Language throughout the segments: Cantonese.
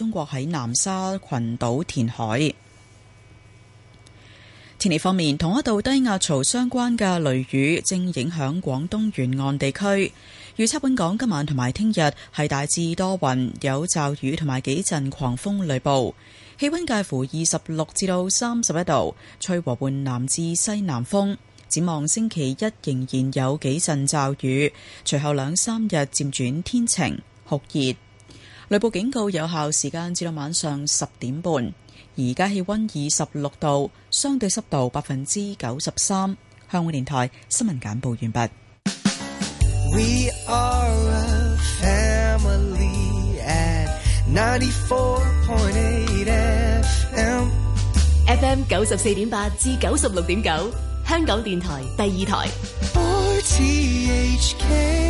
中國喺南沙群島填海。天氣方面，同一道低壓槽相關嘅雷雨正影響廣東沿岸地區。預測本港今晚同埋聽日係大致多雲，有驟雨同埋幾陣狂風雷暴，氣溫介乎二十六至到三十一度，吹和緩南至西南風。展望星期一仍然有幾陣驟雨，隨後兩三日漸轉天晴酷熱。內部警告有效時間至到晚上十點半。而家氣溫二十六度，相對濕度百分之九十三。香港電台新聞簡報完畢。We are a family at 94.8 FM. FM 九十四點八至九十六點九，香港電台第二台。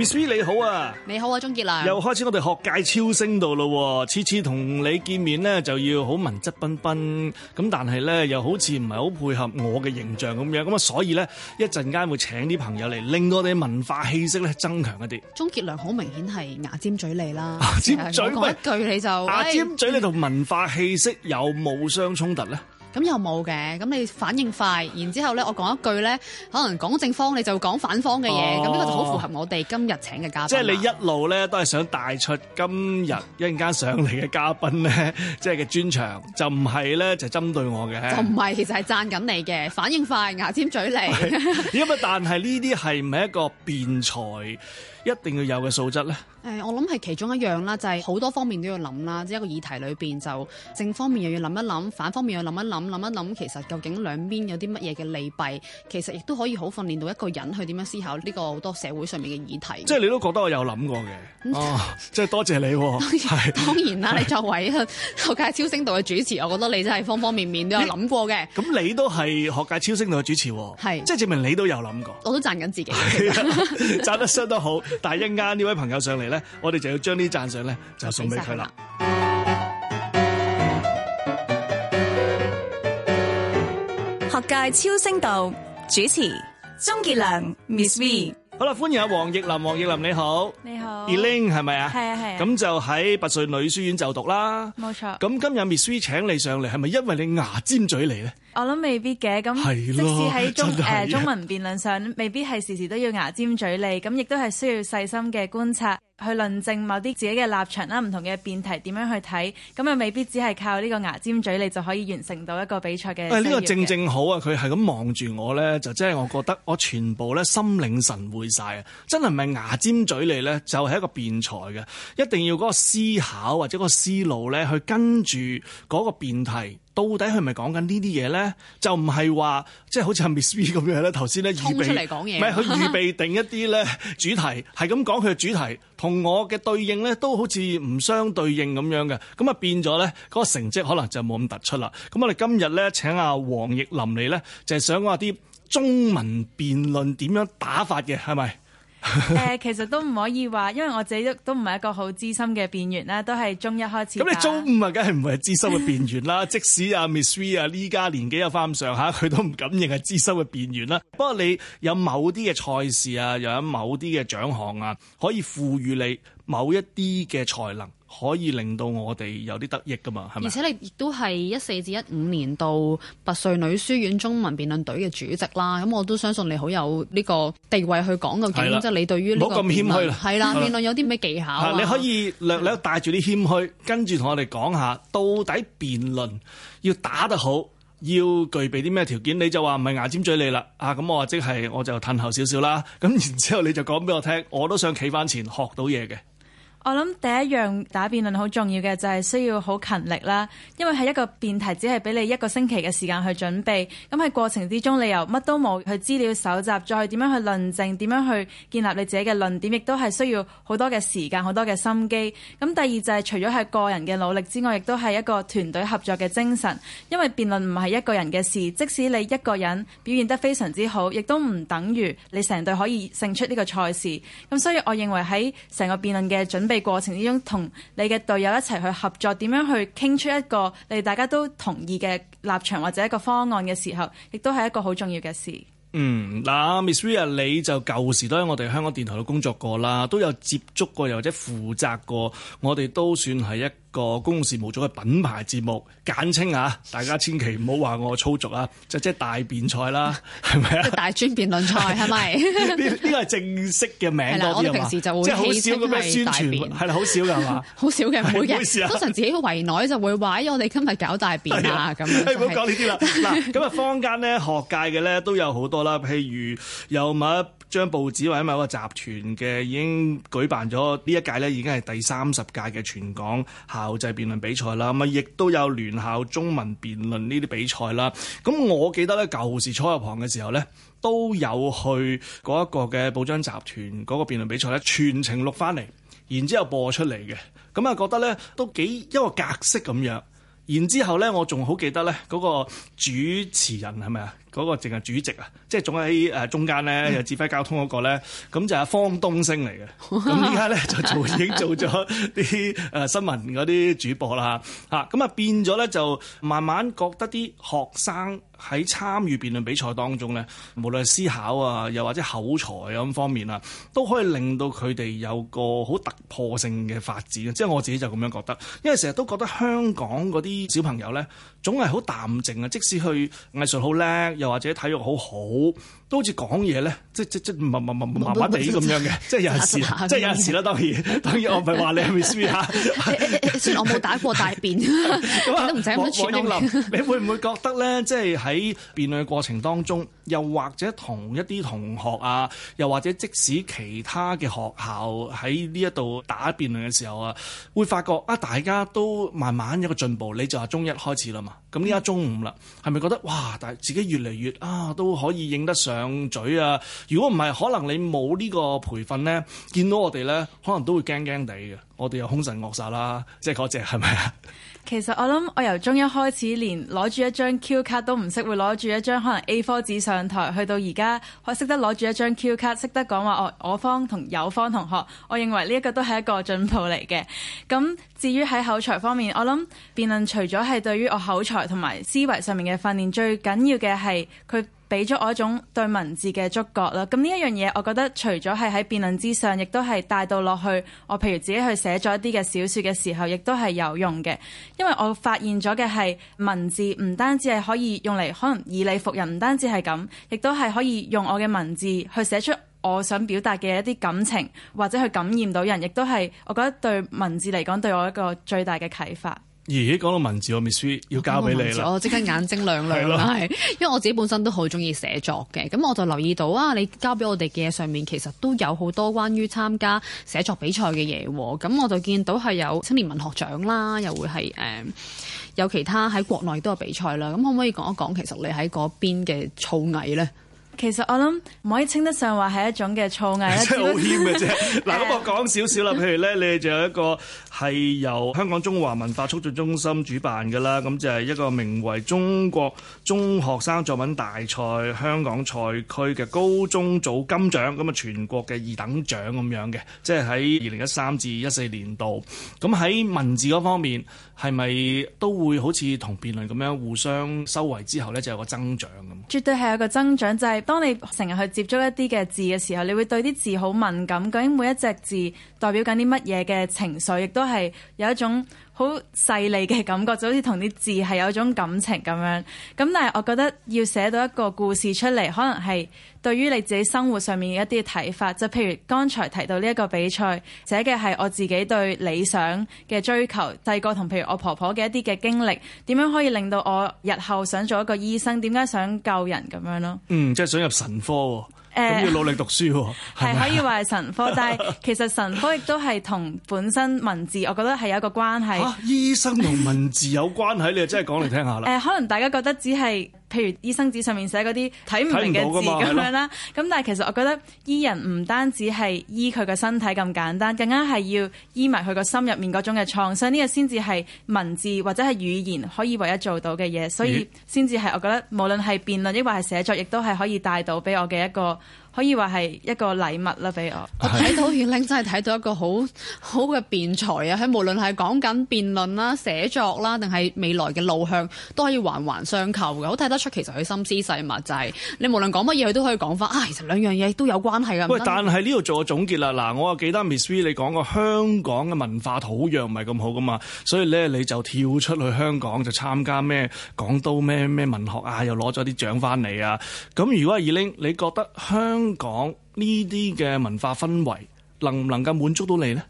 Miss V 你好啊，你好啊，鍾杰良，又開始我哋學界超聲度咯，次次同你見面咧就要好文質彬彬，咁但係咧又好似唔係好配合我嘅形象咁樣，咁啊所以咧一陣間會請啲朋友嚟，令我哋文化氣息咧增強一啲。鍾杰良好明顯係牙，牙尖嘴利啦，尖嘴一句你就牙尖嘴，你同文化氣息有無相衝突咧？咁又冇嘅，咁你反應快，然之後咧，我講一句咧，可能講正方你就講反方嘅嘢，咁呢、哦、個就好符合我哋今日請嘅嘉賓。即係你一路咧都係想帶出今日一陣間上嚟嘅嘉賓咧，即係嘅專長，就唔係咧就針、是、對我嘅。就唔、是、係，其實係讚緊你嘅反應快，牙尖嘴利。咁 啊，但係呢啲係唔係一個辯才？一定要有嘅素質咧？誒、欸，我諗係其中一樣啦，就係、是、好多方面都要諗啦。即係一個議題裏邊，就正方面又要諗一諗，反方面又諗一諗，諗一諗其實究竟兩邊有啲乜嘢嘅利弊。其實亦都可以好訓練到一個人去點樣思考呢個好多社會上面嘅議題。即係你都覺得我有諗過嘅。嗯啊、即係多謝，謝你、啊。當然是當然啦，是你作為學界超聲道嘅主持，我覺得你真係方方面面都有諗過嘅。咁你都係學界超聲道嘅主持、啊，係是即係證明你都有諗過。我都讚緊自己， 得收得好。但係一啱呢位朋友上嚟咧，我哋就要將啲讚賞咧就送俾佢啦。 學界超聲道主持鍾傑良 Miss Ms . V，好啦，歡迎阿黃奕霖，黃奕霖你好，你好 Eling 係咪啊？係啊係啊，咁就喺拔萃女書院就讀啦，冇錯錯。咁今日 Miss V 請你上嚟，係咪因為你牙尖嘴利咧？我諗未必嘅，咁即使喺中誒、呃、中文辯論上，未必係時時都要牙尖嘴利，咁亦都係需要細心嘅觀察去論證某啲自己嘅立場啦，唔同嘅辯題點樣去睇，咁又未必只係靠呢個牙尖嘴利就可以完成到一個比賽嘅。呢、哎呢個正正好啊，佢係咁望住我呢，就真係我覺得我全部呢心領神會晒啊！真係唔係牙尖嘴利呢？就係一個辯才嘅，一定要嗰個思考或者個思路呢，去跟住嗰個辯題。到底佢係咪講緊呢啲嘢咧？就唔係話即係好似 Miss V 咁樣咧，頭先咧預備，唔係佢預備定一啲咧主題，係咁講佢嘅主題，同我嘅對應咧都好似唔相對應咁樣嘅，咁啊變咗咧嗰個成績可能就冇咁突出啦。咁我哋今日咧請阿黃奕霖嚟咧，就係想講下啲中文辯論點樣打法嘅，係咪？誒， 其實都唔可以話，因為我自己都都唔係一個好資深嘅辯員啦，都係中一開始。咁你中五啊梗係唔係資深嘅辯員啦。即使阿 Ms V 啊呢家年紀有翻咁上下，佢都唔敢認係資深嘅辯員啦。不過你有某啲嘅賽事啊又有某啲嘅獎項啊可以賦予你某一啲嘅才能。可以令到我哋有啲得益噶嘛？係咪？而且你亦都係一四至一五年度拔萃女書院中文辯論隊嘅主席啦。咁我都相信你好有呢個地位去講究竟，的即係你對於啦，冇咁謙虛啦。係啦的，辯論、嗯、有啲咩技巧、啊、你可以略略帶住啲謙虛，跟住同我哋講下到底辯論要打得好，要具備啲咩條件？你就話唔係牙尖嘴利啦。啊，咁我話即係我就褪、是、後少少啦。咁然之後你就講俾我聽，我都想企返前學到嘢嘅。我諗第一樣打辯論好重要嘅就係、是、需要好勤力啦，因為係一個辯題只係俾你一個星期嘅時間去準備，咁喺過程之中你又乜都冇去資料搜集，再去點樣去論證，點樣去建立你自己嘅論點，亦都係需要好多嘅時間，好多嘅心機。咁第二就係、是、除咗係個人嘅努力之外，亦都係一個團隊合作嘅精神，因為辯論唔係一個人嘅事，即使你一個人表現得非常之好，亦都唔等於你成隊可以勝出呢個賽事。咁所以我認為喺成個辯論嘅準。嘅過程之中，同你嘅隊友一齊去合作，點樣去傾出一個你大家都同意嘅立場或者一個方案嘅時候，亦都係一個好重要嘅事。嗯，嗱，Miss Ria，你就舊時都喺我哋香港電台度工作過啦，都有接觸過又或者負責過，我哋都算係一個公事務組嘅品牌節目，簡稱啊，大家千祈唔好話我粗俗啊，就便 即即大辯賽啦，係咪啊？即大專辯論賽係咪？呢呢係正式嘅名，我哋平啲就嘛？即好少咁樣宣傳，係啦大便，好 少嘅係嘛？好少嘅唔每嘅。通 常自己好為內就會話，我哋今日搞大辯啊！咁， 唔好講呢啲啦。嗱， 咁啊，坊間咧學界嘅咧都有好多啦，譬如有物。張報紙或者某個集團嘅已經舉辦咗呢一屆咧，已經係第三十屆嘅全港校際辯論比賽啦。咁啊，亦都有聯校中文辯論呢啲比賽啦。咁我記得咧，舊時初入行嘅時候咧，都有去嗰一個嘅報章集團嗰個辯論比賽咧，全程錄翻嚟，然之後播出嚟嘅。咁啊，覺得咧都幾一個格式咁樣。然之後咧，我仲好記得咧嗰個主持人係咪啊？是嗰個淨係主席啊，即係仲喺誒中間咧，又指揮交通嗰、那個咧，咁就係、是、方東升嚟嘅。咁依家咧就做已經做咗啲誒新聞嗰啲主播啦吓，嚇咁啊變咗咧就慢慢覺得啲學生喺參與辯論比賽當中咧，無論思考啊，又或者口才啊，咁方面啊，都可以令到佢哋有個好突破性嘅發展。即、就、係、是、我自己就咁樣覺得，因為成日都覺得香港嗰啲小朋友咧。總係好淡靜啊！即使去藝術好叻，又或者體育好好。都好似講嘢咧，即即即麻麻麻麻麻地咁樣嘅，即，即慢慢有陣時，即有陣時啦。當然，當然我唔係話你係咪輸嚇，我冇打過大便，都 辯。黃奕霖， 你會唔會覺得咧？即喺辯論嘅過程當中，又或者同一啲同學啊，又或者即使其他嘅學校喺呢一度打辯論嘅時候啊，會發覺啊，大家都慢慢有一個進步。你就話中一開始啦嘛。咁呢家中午啦，係咪覺得哇？但係自己越嚟越啊，都可以應得上嘴啊！如果唔係，可能你冇呢個培訓咧，見到我哋咧，可能都會驚驚地嘅。我哋又兇神惡煞啦，即係嗰隻，係咪啊？ 其實我諗我由中一開始連攞住一張 Q 卡都唔識，會攞住一張可能 A 科紙上台，去到而家可識得攞住一張 Q 卡，識得講話我我方同友方同學，我認為呢一個都係一個進步嚟嘅。咁至於喺口才方面，我諗辯論除咗係對於我口才同埋思維上面嘅訓練，最緊要嘅係佢。俾咗我一種對文字嘅觸覺啦，咁呢一樣嘢，我覺得除咗係喺辯論之上，亦都係帶到落去，我譬如自己去寫咗一啲嘅小説嘅時候，亦都係有用嘅，因為我發現咗嘅係文字唔單止係可以用嚟可能以理服人，唔單止係咁，亦都係可以用我嘅文字去寫出我想表達嘅一啲感情，或者去感染到人，亦都係我覺得對文字嚟講，對我一個最大嘅啟發。咦，講到文字我咪書要交俾你咯！我即刻眼睛亮亮啦，係 的，因為我自己本身都好中意寫作嘅，咁我就留意到啊，你交俾我哋嘅上面其實都有好多關於參加寫作比賽嘅嘢喎，咁我就見到係有青年文學獎啦，又會係誒、呃、有其他喺國內都有比賽啦，咁可唔可以講一講其實你喺嗰邊嘅創藝咧？其實我諗唔可以稱得上話係一種嘅創藝，係好謙嘅啫。嗱、 啊，咁我講少少啦。譬如咧，你仲有一個係由香港中華文化促進中心主辦嘅啦，咁就係一個名為中國中學生作文大賽香港賽區嘅高中組金獎，咁啊全國嘅二等獎咁樣嘅，即係喺二零一三至一四年度。咁喺文字嗰方面，係咪都會好似同辯論咁樣互相收穫之後呢，就有個增長咁？絕對係有一個增長，就係、是。當你成日去接觸一啲嘅字嘅時候，你會對啲字好敏感，究竟每一個字代表緊啲乜嘢嘅情緒，亦都係有一種。好細膩嘅感覺，就好似同啲字係有種感情咁樣。咁但係我覺得要寫到一個故事出嚟，可能係對於你自己生活上面嘅一啲睇法。就譬如剛才提到呢一個比賽，寫嘅係我自己對理想嘅追求。第二個同譬如我婆婆嘅一啲嘅經歷，點樣可以令到我日後想做一個醫生？點解想救人咁樣咯？嗯，即係想入神科。誒，咁要努力讀書係、呃、吧可以話係神科， 但係其實神科亦都係同本身文字，我覺得係有一個關係。醫生同文字有關係， 你又真係講嚟聽下啦。誒、呃，可能大家覺得只係。譬如醫生紙上面寫嗰啲睇唔明嘅字咁樣啦，咁但係其實我覺得醫人唔單止係醫佢個身體咁簡單，更加係要醫埋佢個心入面嗰種嘅創傷，呢個先至係文字或者係語言可以唯一做到嘅嘢，所以先至係我覺得無論係辯論抑或係寫作，亦都係可以帶到畀我嘅一個。可以話係一個禮物啦，俾我。是 我睇到二 l 真係睇到一個好好嘅辯才啊！佢無論係講緊辯論啦、寫作啦，定係未來嘅路向，都可以環環相扣嘅。好睇得出其實佢心思細密，就係、是、你無論講乜嘢，佢都可以講翻。啊，其實兩樣嘢都有關係噶。喂，但係呢度做個總結啦，嗱，我又記得 Miss V，你講過香港嘅文化土壤唔係咁好噶嘛，所以咧你就跳出去香港就參加咩港都咩咩文學啊，又攞咗啲獎翻嚟啊。咁如果阿 l i 你覺得香，講呢啲嘅文化氛圍能唔能夠滿足到你呢？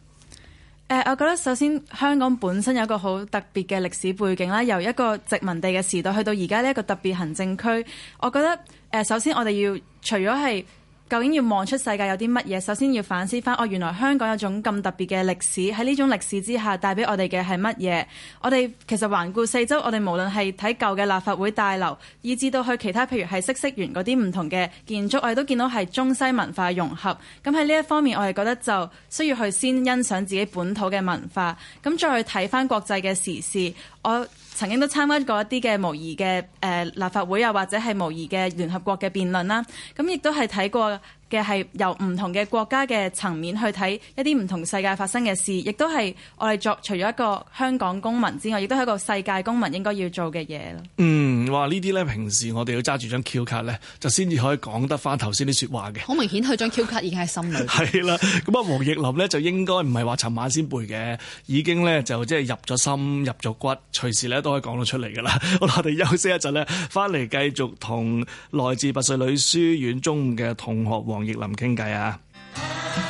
誒、呃，我覺得首先香港本身有一個好特別嘅歷史背景啦，由一個殖民地嘅時代去到而家呢一個特別行政區，我覺得誒、呃，首先我哋要除咗係。究竟要望出世界有啲乜嘢？首先要反思翻哦，原來香港有種咁特別嘅歷史，喺呢種歷史之下帶俾我哋嘅係乜嘢？我哋其實環顧四周，我哋無論係睇舊嘅立法會大樓，以至到去其他譬如係嗇色園嗰啲唔同嘅建築，我哋都見到係中西文化融合。咁喺呢一方面，我哋覺得就需要去先欣賞自己本土嘅文化，咁再去睇翻國際嘅時事。我。曾經都參加過一啲嘅模擬嘅誒立法會啊，或者係模擬嘅聯合國嘅辯論啦，咁亦都係睇過，嘅係由唔同嘅國家嘅層面去睇一啲唔同世界發生嘅事，亦都係我哋作除咗一個香港公民之外，亦都係一個世界公民應該要做嘅嘢咯。嗯，哇！呢啲咧平時我哋要揸住張 Q 卡咧，就先至可以講得翻頭先啲說話嘅。好明顯佢張 Q 卡已經係心裏。係啦，咁啊，黃奕霖咧就應該唔係話尋晚先背嘅，已經咧就即係入咗心、入咗骨，隨時咧都可以講到出嚟㗎啦。 我哋休息一陣咧，翻嚟繼續同來自拔萃女書院中嘅同學王。同奕霖傾偈啊！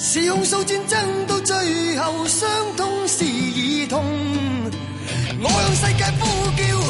是控訴戰爭到最後，傷痛是兒童。我向世界呼叫。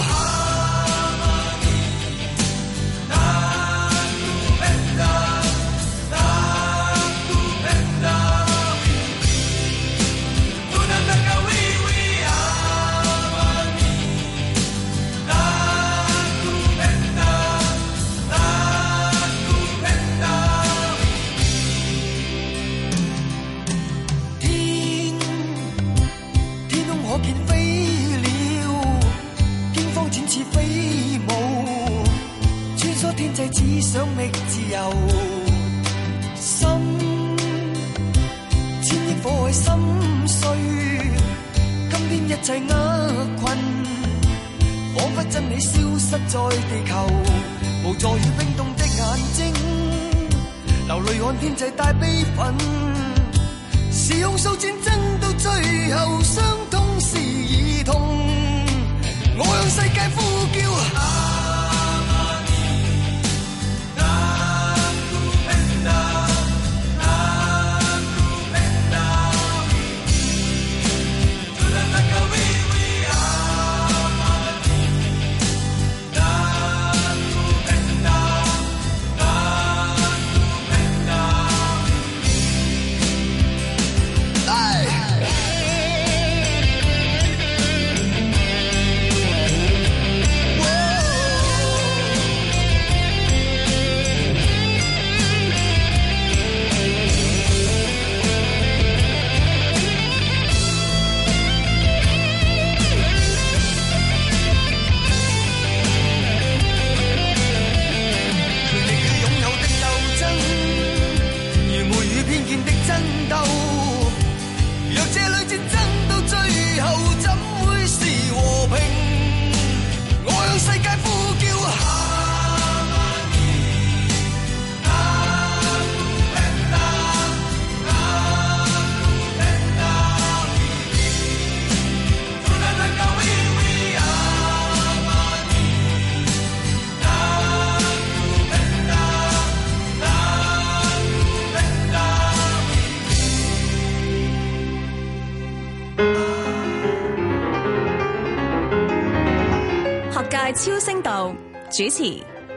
主持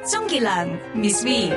鍾傑良 Miss Ms . V，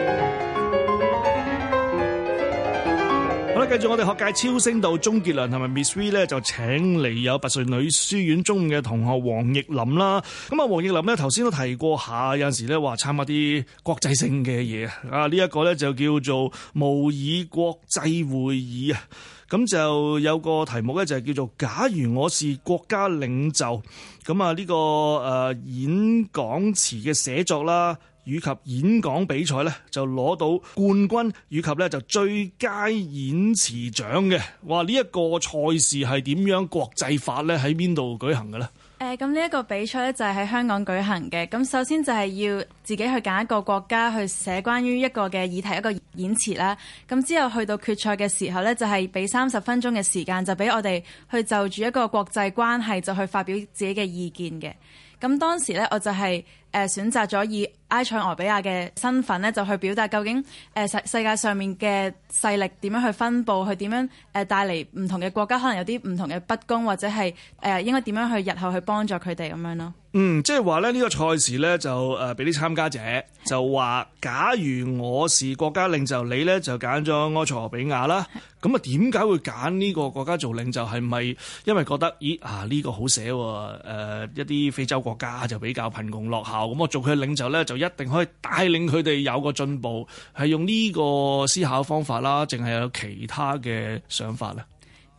好啦，繼續我哋學界超聲道鍾傑良同埋 Miss V 咧，就請嚟有拔萃女書院中嘅同學黃奕霖啦。咁啊，黃奕霖咧頭先都提過下，有陣時咧話參加啲國際性嘅嘢啊。呢、這、一個咧就叫做模擬國際會議啊。咁就有個題目呢，就係叫做假如我是國家領袖，咁啊呢個誒、呃、演講詞嘅寫作啦，以及演講比賽呢，就攞到冠軍以及呢就最佳演辭獎嘅。哇！呢、這、一個賽事係點樣國際法呢？喺邊度舉行嘅呢？誒，咁呢一個比賽咧就係喺香港舉行嘅。咁首先就係要自己去揀一個國家去寫關於一個嘅議題一個演詞啦。咁之後去到決賽嘅時候呢，就係俾三十分鐘嘅時間，就俾我哋去就住一個國際關係就去發表自己嘅意見嘅。咁當時呢，我就係、是。誒選擇咗以埃塞俄比亞嘅身份呢就去表達究竟誒世世界上面嘅勢力點樣去分佈，去點樣誒帶嚟唔同嘅國家可能有啲唔同嘅不公，或者係誒應該點樣去日後去幫助佢哋咁樣咯。嗯，即係話咧呢個賽事呢，就誒俾啲參加者就話， 假如我是國家領袖，你呢就揀咗埃塞俄比亞啦。咁啊點解會揀呢個國家做領袖？係咪因為覺得咦啊呢個好寫？誒、呃、一啲非洲國家就比較貧窮落後。咁我做佢領袖咧，就一定可以帶領佢哋有個進步，係用呢個思考方法啦，定係有其他嘅想法咧？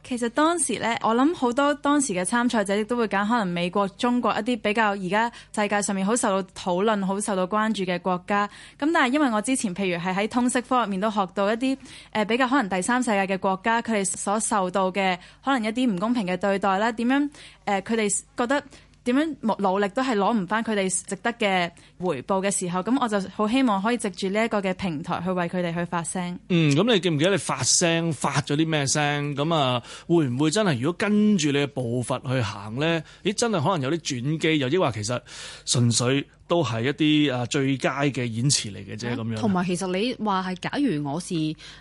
其實當時咧，我諗好多當時嘅參賽者亦都會揀可能美國、中國一啲比較而家世界上面好受到討論、好受到關注嘅國家。咁但係因為我之前譬如係喺通識科入面都學到一啲誒，比較可能第三世界嘅國家，佢哋所受到嘅可能一啲唔公平嘅對待啦，點樣誒，佢、呃、哋覺得？點樣努力都係攞唔返佢哋值得嘅回報嘅時候，咁我就好希望可以藉住呢一個嘅平台去為佢哋去發聲。嗯，咁你記唔記得你發聲發咗啲咩聲？咁啊，會唔會真係如果跟住你嘅步伐去行咧？咦，真係可能有啲轉機，又抑或其實純粹？都係一啲啊最佳嘅演辭嚟嘅啫，咁樣、啊。同埋其實你話係，假如我是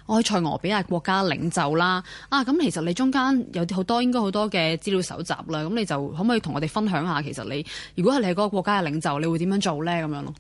埃塞俄比亞國家領袖啦，啊咁，其實你中間有好多應該好多嘅資料搜集啦，咁你就可唔可以同我哋分享下？其實你如果係你嗰個國家嘅領袖，你會點樣做咧？咁樣咯。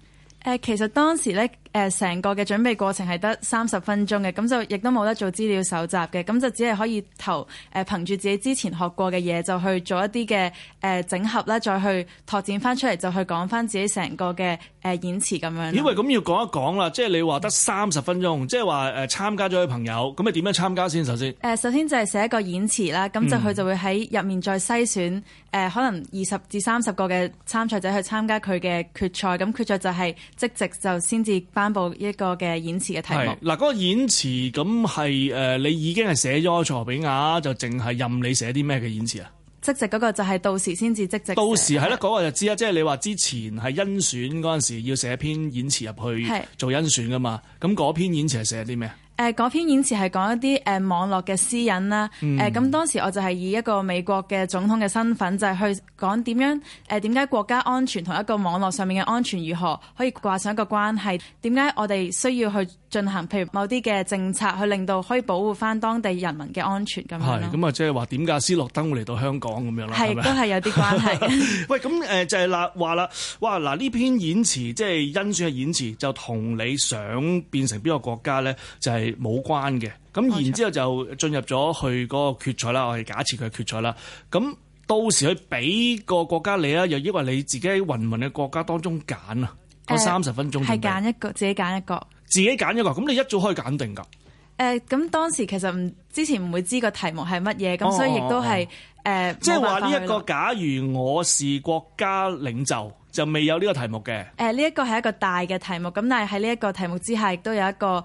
誒，其實當時咧。誒成個嘅準備過程係得三十分鐘嘅，咁就亦都冇得做資料搜集嘅，咁就只係可以投誒憑住自己之前學過嘅嘢，就去做一啲嘅誒整合啦，再去拓展翻出嚟，就去講翻自己成個嘅誒演辭咁樣。因為咁要講一講啦，即係你話得三十分鐘，即係話誒參加咗嘅朋友，咁咪點樣參加先？首先誒，呃，首先就係寫一個演辭啦，咁就佢就會喺入面再篩選誒，嗯、可能二十至三十個嘅參賽者去參加佢嘅決賽，咁決賽就係即席就先至。宣布一個嘅演詞嘅題目。嗱，嗰、那個演詞咁係誒，你已經係寫咗塞羅比亞，就淨係任你寫啲咩嘅演詞啊？即席嗰個就係到時先至即席。到時係啦，嗰、那個就知啦。即係你話之前係甄選嗰陣時要寫篇演詞入去做甄選噶嘛？咁嗰是篇演詞係寫啲咩？誒嗰、呃、篇演詞係講一啲誒、呃、網絡嘅私隱啦，誒、呃、咁當時我就係以一個美國嘅總統嘅身份，就係、是、去講點樣，誒點解國家安全同一個網絡上面嘅安全如何可以掛上一個關係，點解我哋需要去。進行譬如某啲嘅政策，去令到可以保護翻當地人民嘅安全咁樣咯。咁啊，即係話點解斯諾登會嚟到香港咁樣啦？係是吧都係有啲關係。 喂，咁誒、呃、就係嗱話啦，哇！嗱、呃、呢篇演辭即係甄選嘅演辭，就同你想變成邊個國家咧，就係、是、冇關嘅。咁然之後就進入咗去嗰個決賽啦。我係假設佢係決賽啦。咁到時佢俾個國家你啦，又以為你自己喺芸芸嘅國家當中揀啊，嗰三十分鐘係揀一個，自己揀一個。自己揀一個，咁你一早可以揀定㗎。誒、呃，咁當時其實唔之前唔會知個題目係乜嘢，咁、哦、所以亦都係誒。即係話呢一個假如我是國家領袖，就未有呢個題目嘅。誒、呃，呢、這、一個係一個大嘅題目，咁但係喺呢一個題目之下，亦都有一個，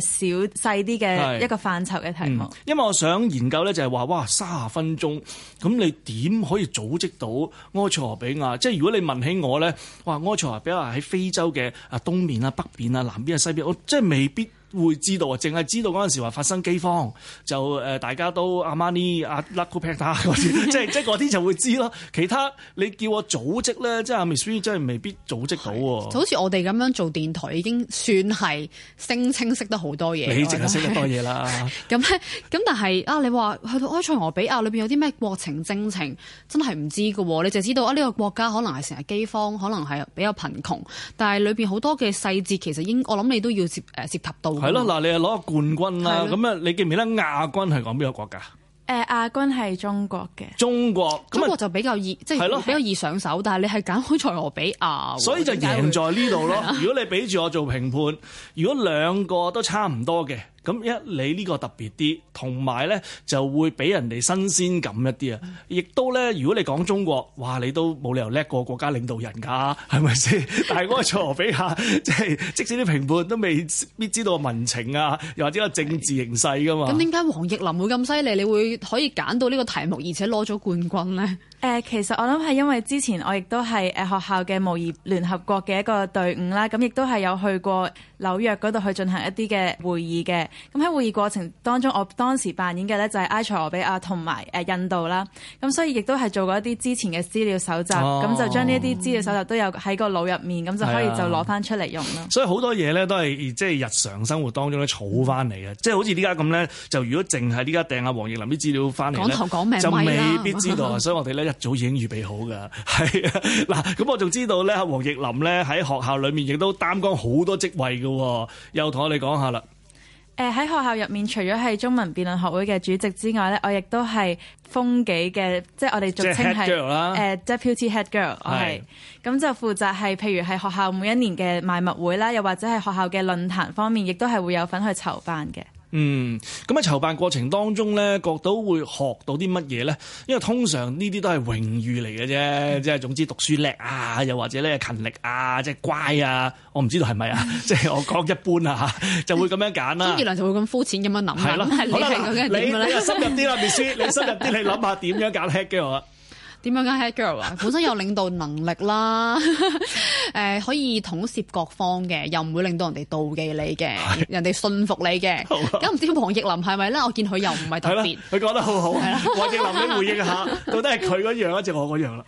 誒，小細啲嘅一個範疇嘅題目，嗯，因為我想研究咧就係、是、話，哇，三十分鐘，咁你點可以組織到埃塞俄比亞？即係如果你問起我咧，哇，埃塞俄比亞喺非洲嘅啊東面、啊北邊啊南邊啊西邊，我即係未必。會知道啊，淨係知道嗰陣時話發生饑荒，就誒、呃、大家都阿瑪尼、阿 Lucky 拉庫帕塔嗰啲，即係 即係嗰啲就會知咯。其他你叫我組織咧，即係阿 Ms V 真係未必組織到喎。就好似我哋咁樣做電台，已經算係聲稱識得好多嘢，你淨係識得多嘢啦。咁咁 但係啊，你話去到埃塞俄比亞裏邊有啲咩國情政情，真係唔知嘅喎。你就知道啊呢、這個國家可能係成日饑荒，可能係比較貧窮，但係裏邊好多嘅細節其實應我諗你都要涉誒涉及到。係咯，嗱，你又攞個冠軍啦，咁啊，你記唔記得亞軍係講邊個國家？誒，亞軍係中國嘅。中國，中國就比較易，即係比較易上手，但係你係揀埃塞俄比亞，所以就贏在呢度咯。如果你畀住我做評判，如果兩個都差唔多嘅。咁一你呢個特別啲，同埋咧就會俾人哋新鮮感一啲啊！亦都咧，如果你講中國，哇，你都冇理由叻過國家領導人噶，係咪先？但係嗰個錯比下，即係、 就是、即使啲評判都未必知道民情啊，又或者個政治形勢噶嘛？咁點解黃奕霖會咁犀利？你會可以揀到呢個題目，而且攞咗冠軍呢？誒，其實我諗係因為之前我亦都係誒學校嘅模擬聯合國嘅一個隊伍啦，咁亦都係有去過紐約嗰度去進行一啲嘅會議嘅，咁喺會議過程當中，我當時扮演嘅咧就係埃塞俄比亞同埋誒印度啦，咁所以亦都係做過一啲之前嘅資料搜集，咁、哦、就將呢啲資料搜集都有喺個腦入面，咁就可以就攞翻出嚟用咯。哦嗯、所以好多嘢咧都係即係日常生活當中咧儲翻嚟嘅，即係、嗯、好似依家咁咧，就如果淨係依家訂阿黃奕霖啲資料翻嚟咧，講講就未必知道， 所以我哋咧一早已經預備好噶。係嗱，咁 我仲知道咧，黃奕霖咧喺學校裡面亦都擔綱好多職位。又同我哋講下啦。誒、呃，喺學校入面，除咗係中文辯論學會嘅主席之外咧，我亦都係風紀嘅，即係我哋俗稱係 head girl 啦誒，deputy head girl。係咁是、嗯、就負責係，譬如係學校每一年嘅賣物會啦，又或者係學校嘅論壇方面，亦都係會有份去籌辦嘅。嗯，咁喺籌辦過程當中咧，覺得會學到啲乜嘢咧？因為通常呢啲都係榮譽嚟嘅啫，即係總之讀書叻啊，又或者咧勤力啊，即、就、係、是、乖啊，我唔知道係咪啊，即係 我講一般啊，就會咁樣揀啦、啊。鍾傑良就會咁膚淺咁樣諗啦。係咯你，好啦，你深入啲啦，別 書，你深入啲，你諗下點樣揀 head 嘅我。點樣 head girl 啊？本身有領導能力啦，誒、 呃、可以統攝各方嘅，又唔會令到人哋妒忌你嘅，是人哋信服你嘅。咁唔、啊、知黃奕霖係咪咧？我見佢又唔係特別。佢講、啊、得好好。啊、黃奕霖，你回應下， 到底係佢嗰樣，我樣，一隻我嗰樣啦？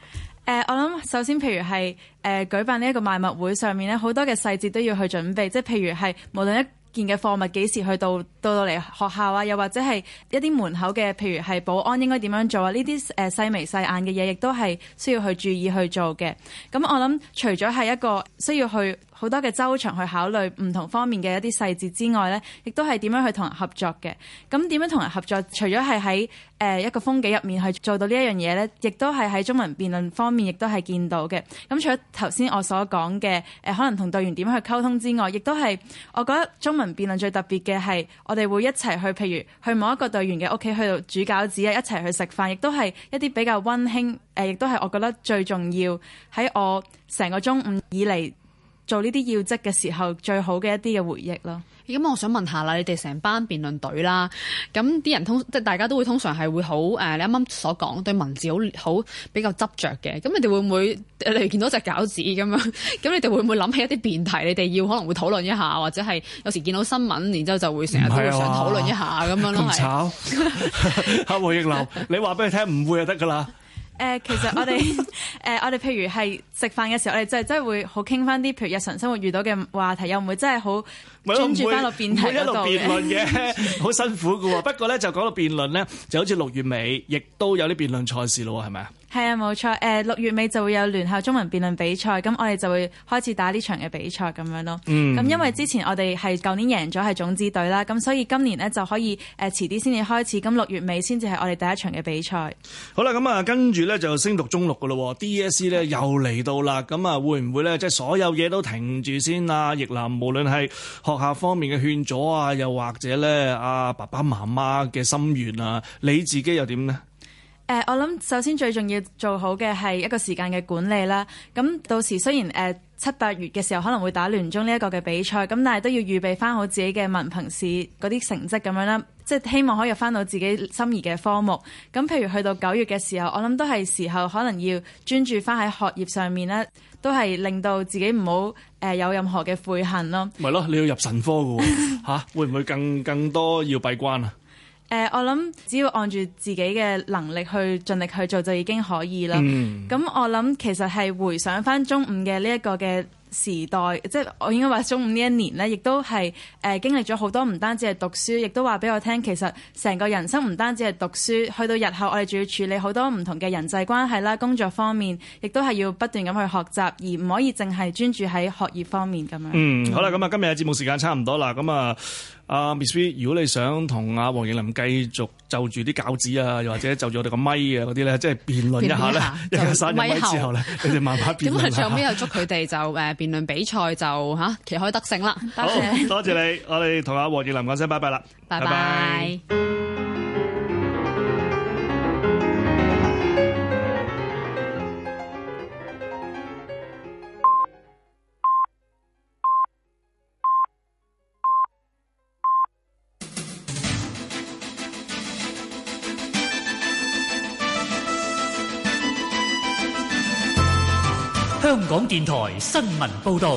誒，我諗首先，譬如係誒、呃、舉辦呢一個賣物會上面咧，好多嘅細節都要去準備，即係譬如係無論一。件嘅貨物幾時去到到到嚟學校啊？又或者係一啲門口嘅，譬如係保安應該點樣做啊？呢啲誒細眉細眼嘅嘢，亦都係需要去注意去做嘅。咁、嗯、我諗，除咗係一個需要去。好多嘅周長去考慮唔同方面嘅一啲細節之外呢，亦都係點樣去同人合作嘅。咁點樣同人合作？除咗係喺誒一個風紀入面去做到呢一樣嘢，呢亦都係喺中文辯論方面，亦都係見到嘅。咁除咗頭先我所講嘅誒，可能同隊員點樣去溝通之外，亦都係我覺得中文辯論最特別嘅係我哋會一齊去，譬如去某一個隊員嘅屋企去度煮餃子啊，一齊去食飯，亦都係一啲比較溫馨誒，亦都係我覺得最重要喺我成個中午以嚟。做呢啲要職嘅時候，最好嘅一啲嘅回憶咯。咁、嗯、我想問下啦，你哋成班辯論隊啦，咁啲人通即係大家都會通常係會好誒，你啱啱所講對文字好好比較執着嘅。咁你哋會唔會例如隻餃，你見到隻餃子咁樣？咁你哋會唔會諗起一啲辯題你？你哋要可能會討論一下，或者係有時見到新聞，然之後就會成日都會想討論一下咁、啊、樣咯。唔炒吓，胡亦 流，你話俾佢聽唔會就得噶啦。誒、呃，其實我哋誒、 呃，我哋譬如係食飯嘅時候，我哋就真係會好傾翻啲譬如日常生活遇到嘅話題，又唔會真係好專注翻落辯題度嘅，好 辛苦嘅喎。不過咧，就講到辯論咧，就好似六月尾，亦都有啲辯論賽事咯，係咪啊？係啊，冇錯。誒，六月尾就會有聯校中文辯論比賽，咁我哋就會開始打呢場嘅比賽咁樣咯。咁、嗯、因為之前我哋係舊年贏咗係種子隊啦，咁所以今年呢就可以誒遲啲先至開始，咁六月尾先至係我哋第一場嘅比賽。嗯、好啦，咁啊跟住咧就升讀中六噶咯，DSE 呢又嚟到啦。咁啊會唔會咧即係所有嘢都停住先啊？奕霖，無論係學校方面嘅勸阻啊，又或者咧啊爸爸媽媽嘅心願啊，你自己又點呢？誒、呃，我諗首先最重要做好嘅係一個時間嘅管理啦。咁到時雖然誒七八月嘅時候可能會打聯中呢一個嘅比賽，咁但係都要預備翻好自己嘅文憑試嗰啲成績咁樣啦。即係希望可以入翻到自己心儀嘅科目。咁譬如去到九月嘅時候，我諗都係時候可能要專注翻喺學業上面啦，都係令到自己唔好誒有任何嘅悔恨咯。咪咯，你要入神科嘅喎嚇，會唔會更更多要閉關啊？誒、呃，我諗只要按住自己嘅能力去盡力去做，就已經可以啦。咁、嗯、我諗其實係回想返中午嘅呢一個嘅。時代即係我應該話，中午呢一年呢，亦都係誒、呃、經歷咗好多，唔單止係讀書，亦都話俾我聽，其實成個人生唔單止係讀書，去到日後我哋仲要處理好多唔同嘅人際關係啦，工作方面，亦都係要不斷咁去學習，而唔可以淨係專注喺學業方面咁樣。嗯，嗯，好啦，咁啊，今日嘅節目時間差唔多啦，咁啊，阿、uh, Miss V，如果你想同阿黃奕霖繼續就住啲餃子啊，又或者就住我哋個咪啊嗰啲咧，即係辯論一下咧，一陣之後咧， 你哋慢慢最後尾又祝佢哋就誒？辯論比賽就嚇旗開得勝啦！好，多謝你， 我哋同阿黃奕霖講聲拜拜啦，拜拜。電台新聞報道：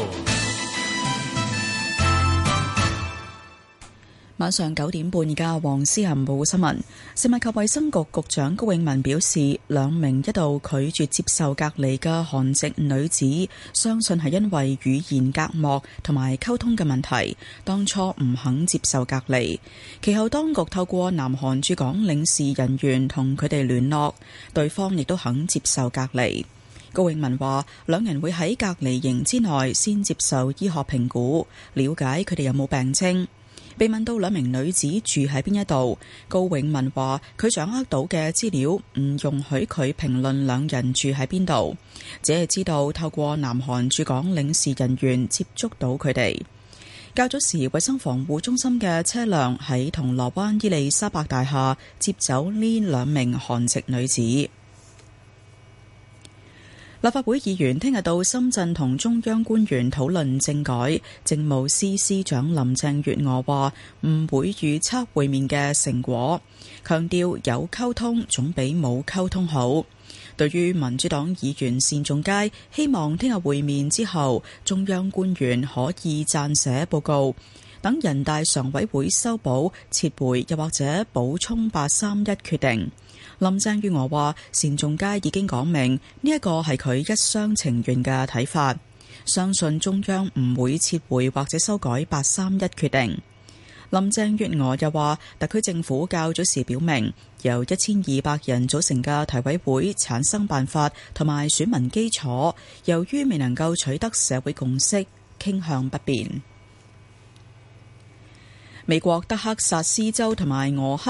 晚上九點半，而家黃思嫻報新聞。食物及衛生局局長高永文表示，兩名一度拒絕接受隔離嘅韓籍女子，相信係因為語言隔膜同埋溝通嘅問題，當初唔肯接受隔離。其後，當局透過南韓駐港領事人員同佢哋聯絡，對方亦都肯接受隔離。高永文話：兩人會喺隔離營之內先接受醫學評估，了解佢哋有冇病徵。被問到兩名女子住喺邊一度，高永文話：佢掌握到嘅資料唔容許佢評論兩人住喺邊度，只係知道透過南韓駐港領事人員接觸到佢哋。較早時，衛生防護中心嘅車輛喺銅鑼灣伊利沙伯大廈接走呢兩名韓籍女子。立法會議員聽日到深圳同中央官員討論政改，政務司司長林鄭月娥話唔會預測會面嘅成果，強調有溝通總比冇溝通好。對於民主黨議員單仲偕，希望聽日會面之後，中央官員可以撰寫報告，等人大常委會修補撤回又或者補充八三一決定。林鄭月娥話：善仲街已經講明呢一個係佢一廂情願嘅睇法，相信中央唔會撤回或者修改八三一決定。林鄭月娥又話：特區政府較早時表明，由一千二百人組成嘅提委會產生辦法同埋選民基礎，由於未能夠取得社會共識，傾向不變。美國德克薩斯州同埋俄克。